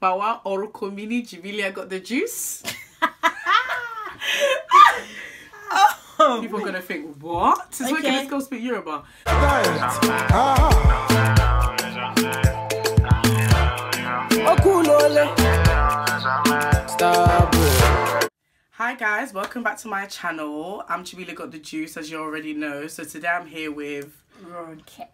Bawa Oroco Mini Jibilia got the juice. People are gonna think, what? This okay. wicked, let's go speak Yoruba. Hi guys, welcome back to my channel. I'm Jibila Got The Juice, as you already know. So today I'm here with... Ronke.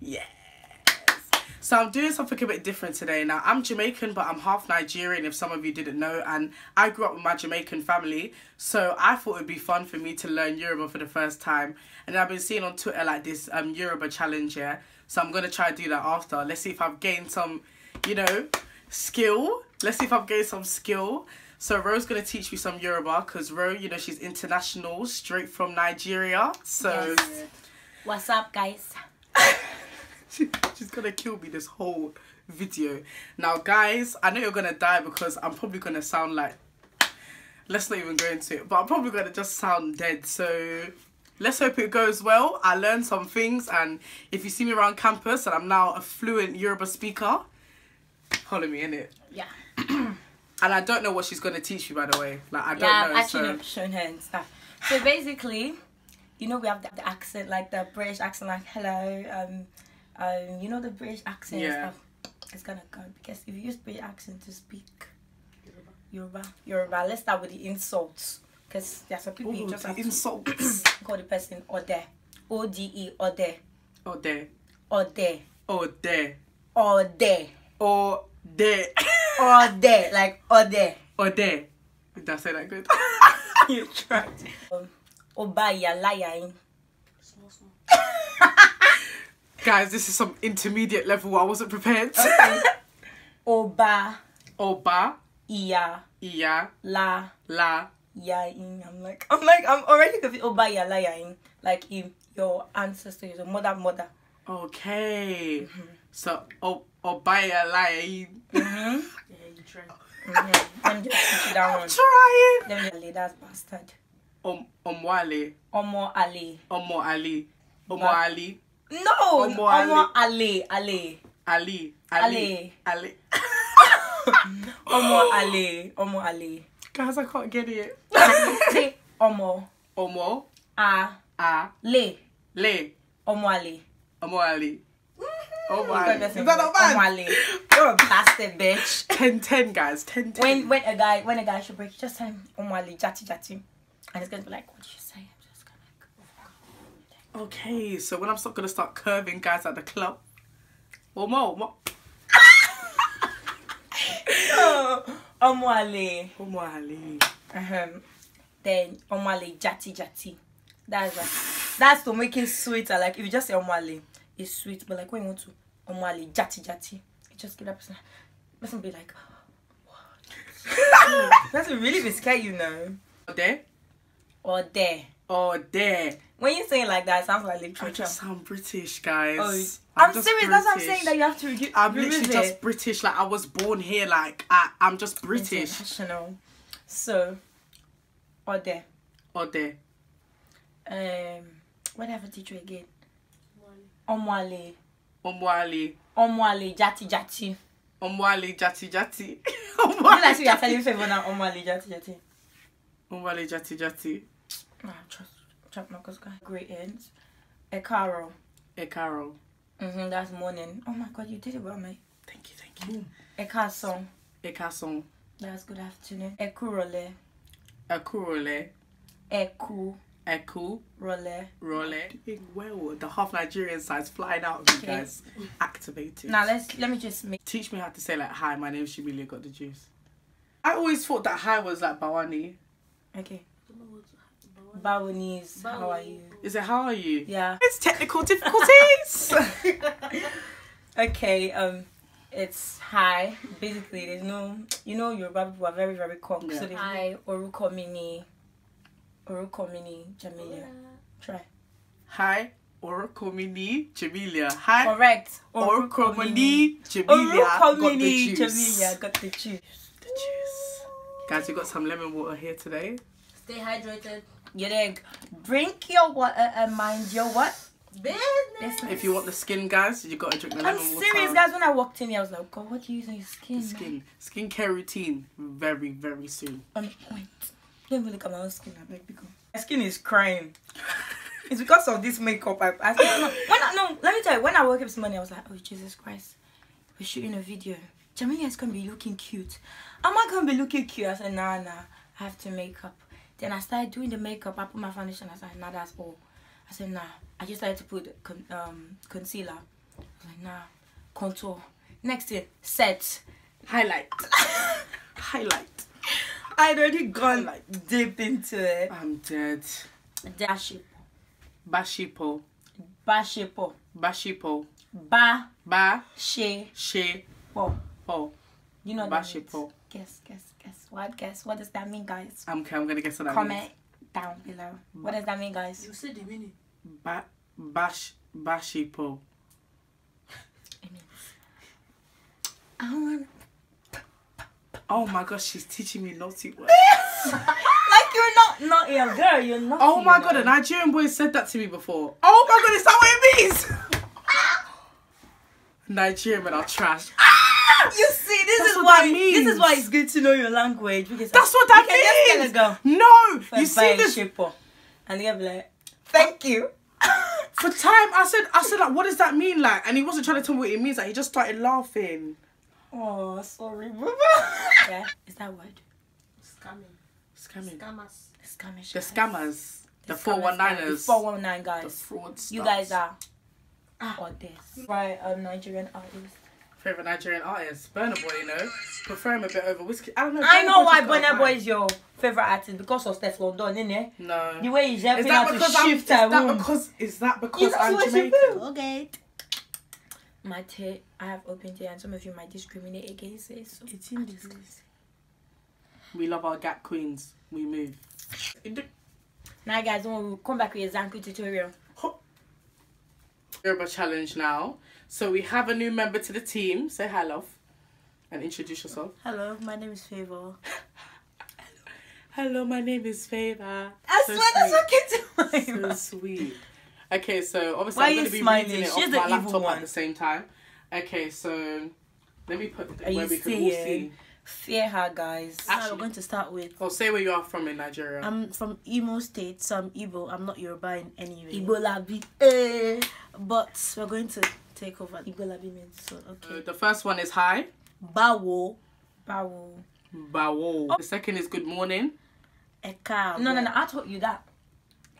Yeah. So I'm doing something a bit different today. Now, I'm Jamaican, but I'm half Nigerian, if some of you didn't know. And I grew up with my Jamaican family. So I thought it would be fun for me to learn Yoruba for the first time. And I've been seeing on Twitter, like, this um, Yoruba challenge, here, So I'm going to try to do that after. Let's see if I've gained some, you know, skill. Let's see if I've gained some skill. So Ro's gonna teach me some Yoruba because Ro, you know, she's international, straight from Nigeria. So yes. what's up guys? she, she's gonna kill me this whole video. Now, guys, I know you're gonna die because I'm probably gonna sound like. Let's not even go into it, but I'm probably gonna just sound dead. So let's hope it goes well. I learned some things, and if you see me around campus and I'm now a fluent Yoruba speaker, follow me in it. Yeah. and I don't know what she's gonna teach you, by the way. Like I don't yeah, know. Yeah, actually, so. shown her and stuff. So basically, you know, we have the accent, like the British accent, like hello, um, um, you know, the British accent yeah. stuff. It's gonna come because if you use British accent to speak Yoruba, Yoruba, let's start with the insults because there are some people Ooh, you oh, just have insults. to call the person Ode, O D E Ode, Ode, Ode, Ode, Ode, Ode, Ode, like Ode, Ode. Did I say that good? you tried. Um, Oba ya Guys, this is some intermediate level. I wasn't prepared. Okay. Oba. Oba. Iya. Iya. La. La. Yain. I'm like, I'm like, I'm already confused. Oba ya la yain. Like in your ancestor, your mother, mother. Okay. Mm -hmm. So, oba Obaya lain. Mm -hmm. Yeah, you try. Mm -hmm. Let me just teach you that I'm one. trying. Let me just, that's bastard. Om Omwale. Omo Ali. Omo Ali. Omo Ali. No, Omo Omo Ale. Ale. Ale. Ale. Ale. Omo Ale. Omo Ale. Guys, I can't get it. Omo. Omo. ah, ah, Le. Le. Omo Ale. Omo Ale. Oh my. Is that not You're a bastard, bitch. 10 10, guys. 10 10. When, when a guy when a guy should break, just say him, jati jati. And it's going to be like, what did you say? Okay, so when I'm not gonna start curving guys at the club. Well, more, more. Omwale. Omwale. Um, then Omwale Jati Jati. That's like, that's to make it sweeter. Like if you just say Omwale, it's sweet. But like when you want to Omwale Jati Jati, you just give that person. Person be like, what? that's really be scared, you know. Or there. Or there. Oh day. When you say it like that, it sounds like literature. I just sound British, guys. Oh, I'm, I'm serious. That's what I'm saying. That you have to. Re- I'm literally just British. Like I was born here. Like I, am just British. International. So, Ode. Ode. Um, whatever teacher again. Omwale. Omwale. Omwale. Jati jati. Omwale jati jati. Omwale. You are now. Omwale jati jati. Omwale jati jati. Nah, trust Chuck Knuckles guy. Great ends. Ekaro. Ekaro. Mm-hmm, that's morning. Oh my god, you did it well, mate. Thank you, thank you. Ekason. Ekason. That's good afternoon. Ekurole. Ekurole. Eku. Eku. Role. Role. Doing well. The half Nigerian side's flying out of you okay. guys. Activated. Now let's let me just make teach me how to say like hi, my name's Shimilia got the juice. I always thought that hi was like Bawani. Okay. Balinese. How are you? Is it how are you? Yeah. It's technical difficulties. okay. Um, it's hi. Basically, there's no. You know, Yoruba people are very very conk. Yeah. So there's hi. Oruko mini. Oruko mini Jamilia. Try. Hi. Orokomini Jamilia. Hi. Correct. Orokomini Jamilia. Orokomini Jamilia. Got the juice. The juice. Guys, we got some lemon water here today. Stay hydrated. You did drink your water and mind your what? Business. If you want the skin, guys, you gotta drink the lemon I'm serious, water. guys. When I walked in here, I was like, God, what do you use on your skin? skin. Man? Skincare routine very, very soon. On point. Don't even look at my skin. I beg because my skin is crying. it's because of this makeup. I, I said, no, when I, no, let me tell you. When I woke up this morning, I was like, oh Jesus Christ, we're shooting a video. Jamila is gonna be looking cute. Am I gonna be looking cute? I said, nah, nah. I have to make up. Then I started doing the makeup. I put my foundation. I said, nah, that's all. I said, nah. I just started to put con um, concealer. I was like, nah. Contour. Next thing, set. Highlight. Highlight. I'd already gone like deep into it. I'm dead. Dashipo. Bashipo. Bashipo. Bashipo. Ba. Ba. She. She. Po. Po. You know Bashipo. Guess, guess word guess. What does that mean, guys? okay, I'm gonna guess what that Comment means. down below. Ba what does that mean, guys? You said the meaning. Ba bash bashipo. it means. I want. Oh my gosh, she's teaching me naughty words. like you're not naughty, girl. You're not. Oh my god, a Nigerian boy said that to me before. Oh my god, is that what it means? Nigerian men are trash. Ah! You see this is what mean. this is why it's good to know your language because that's what that you means. just tell a girl, no, you see this, and they have be like, thank you. For time, I said, I said, like, what does that mean, like? And he wasn't trying to tell me what it means. Like, he just started laughing. Oh, sorry, Baba. yeah, is that word? Scamming. Scamming. Scammers. Scammers. The scammers. The, four one 419 419 guys. The fraudsters. You guys are. Ah. Or this. Right, um, Nigerian artists favorite Nigerian artist, Burna Boy. You know, prefer him a bit over Whiskey. I don't know. I know why Burna Boy is your favorite artist because of Steph London, it? No. The way he's helping is that because to shift I'm, is that because is that because I'm Jamaican? Okay. My tit, I have opened it, and some of you might discriminate against it. So it's in this. We love our gap queens. We move. Now, guys, when we come back with a Zanku tutorial. Yoruba challenge now. So we have a new member to the team. Say hi, love, and introduce yourself. Hello, my name is Favor. Hello, my name is Favor. I so swear that's what So sweet. Okay, so obviously Why I'm going to be smiling? reading it She's off my laptop one. at the same time. Okay, so let me put the, where we can all see. Fear her, guys. Actually, we're going to start with. Oh, say where you are from in Nigeria. I'm from Imo State, so I'm Igbo. I'm not Yoruba in any way. Igbo Labi. Eh. But we're going to take over. Igbo Labi means so. Okay. Uh, the first one is hi. Bawo. Bawo. Bawo. Oh. The second is good morning. Ekaro. No, no, no. I taught you that.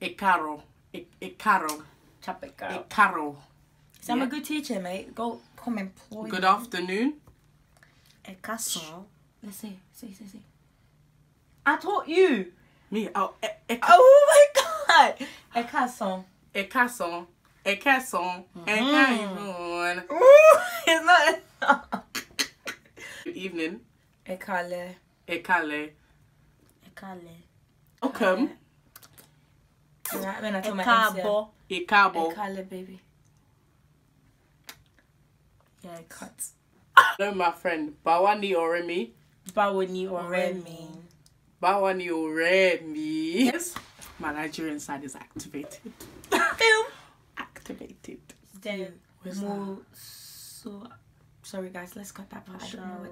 Ekaro. E Ekaro. Chapekaro. Ekaro. So yeah. I'm a good teacher, mate. Go come employ. Good afternoon a castle. Eh, Let's say, say, say, say. I taught you. Me, oh, eh, eh, a, a oh my god, a castle. A castle. A castle. Mm. A castle. Ooh, it's not. Good evening. A kale. A kale. A kale. Okay. Oh, right, when I told my Ecabo. A Ecale, baby. Yeah, it cuts. Hello, my friend. Bawani oremi. ọ̀rẹ́ oremi. Báwo oremi. Yes. My Nigerian side is activated. Film. activated. Then, so sorry guys, let's cut that part. I Sorry.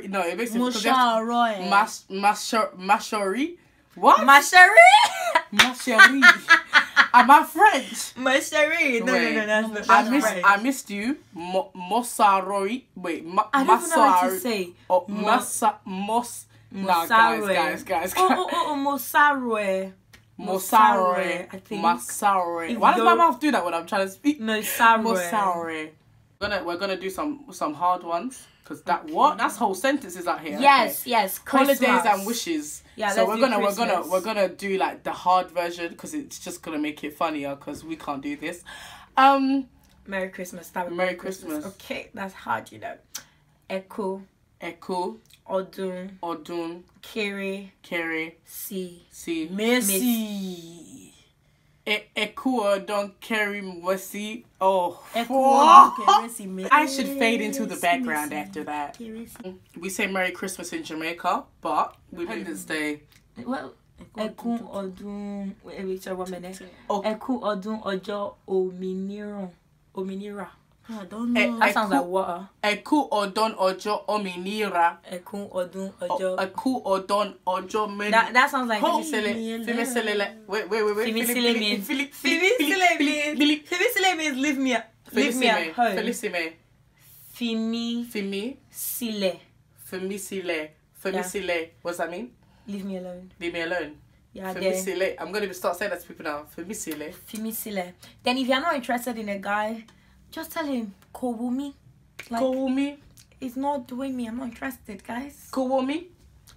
Mosari, no, it makes it Moshari. Mas, mashori. What? Mashari. Mashari. Am I French? My chérie. No, wait, no, no, no, that's not. I, miss, I missed you. Mo, Wait, ma, I don't masar, know how to say. Oh, masa, mos. Nah, guys, guys, guys, guys. Oh, oh, oh, oh mosaroi. Mosare. I Why does my mouth do that when I'm trying to speak? No, Mosare. We're gonna we're gonna do some some hard ones. Because that okay. what? That's whole sentences out here. Yes, okay. yes. Christmas. Holidays and wishes. Yeah. So we're gonna we're gonna we're gonna do like the hard version because it's just gonna make it funnier because we can't do this. Um. Merry Christmas. That Merry Christmas. Christmas. Okay, that's hard, you know. Echo. Echo. Odun. Odun. Kiri. Kiri. C. Si. Messi. Messi. Ekua don't carry mercy. Oh, I should fade into the background after that. We say Merry Christmas in Jamaica, but Women's Day. Well, Ẹkún ọdún ẹ̀rọ ìṣọ̀rọ̀ mẹ́lẹ́. Ẹkún ọdún ọjọ́ Òmìnira. I don't know. that sounds like water. Eku odon ojo ominira. Eku odun ojo. Eku odon ojo meni. That, that sounds like Fimisele. Fimisele. Wait, wait, wait. wait. Fimisele means. Fimisele means. Fimisele means leave me. Leave me at home. Felicime. Fimi. Fimi. Sile. Femisile. Femisile. What's that mean? Leave me alone. Leave me alone. Yeah, Femisile. I'm going to start saying that to people now. Femisile. Femisile. Then if you're not interested in a guy, just tell him, Kowumi. Like, Kowumi. It's not doing me. I'm not interested, guys. Kowumi.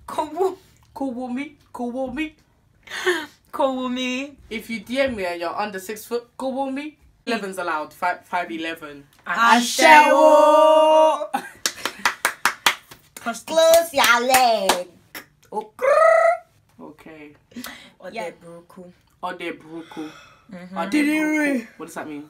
Kowumi. Kowumi. Kowumi. If you DM me and you're under six foot, Kowumi. 11's allowed. 5, five eleven. 11. Close your leg. Oh. Okay. Ode yeah. Ode Mm -hmm. Ode What does that mean?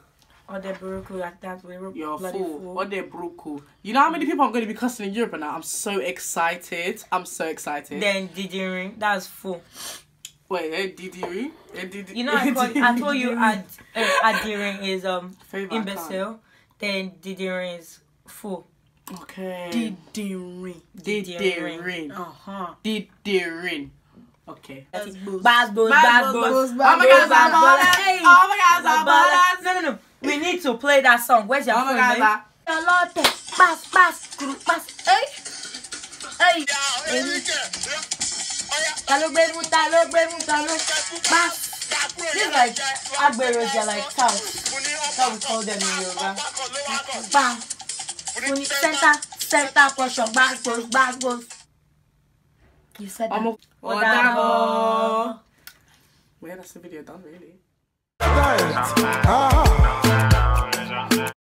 Ode broke like that. we're You're bloody fool. fool. Ode Buruku. You know how many people I'm going to be cussing in Europe now? I'm so excited. I'm so excited. Then Didiri, that's full. Wait, eh, Didiri? Eh, Didiri? You know, I, I told you Ad, eh, is um Favorite imbecile. Then Didiri is fool. Okay. Didiri. Didiri. Uh-huh. Didiri. Okay. Bad boys, bad boys. Oh my god, I'm Oh my god, I'm No, no, no. we need to play that song where's your phone babe. Eh? ọlọ́tẹ̀ pass pass kuru pass. Hey, hey. gbé mú ta ló gbé mú ta pass. this like agbero they are like cows that we call them in Yoruba. bam funi center center portion back, gbagbo. You said that. Oh, ọ̀dà bọ̀. Well, that's the video done, really. light. Ah. Uh-huh.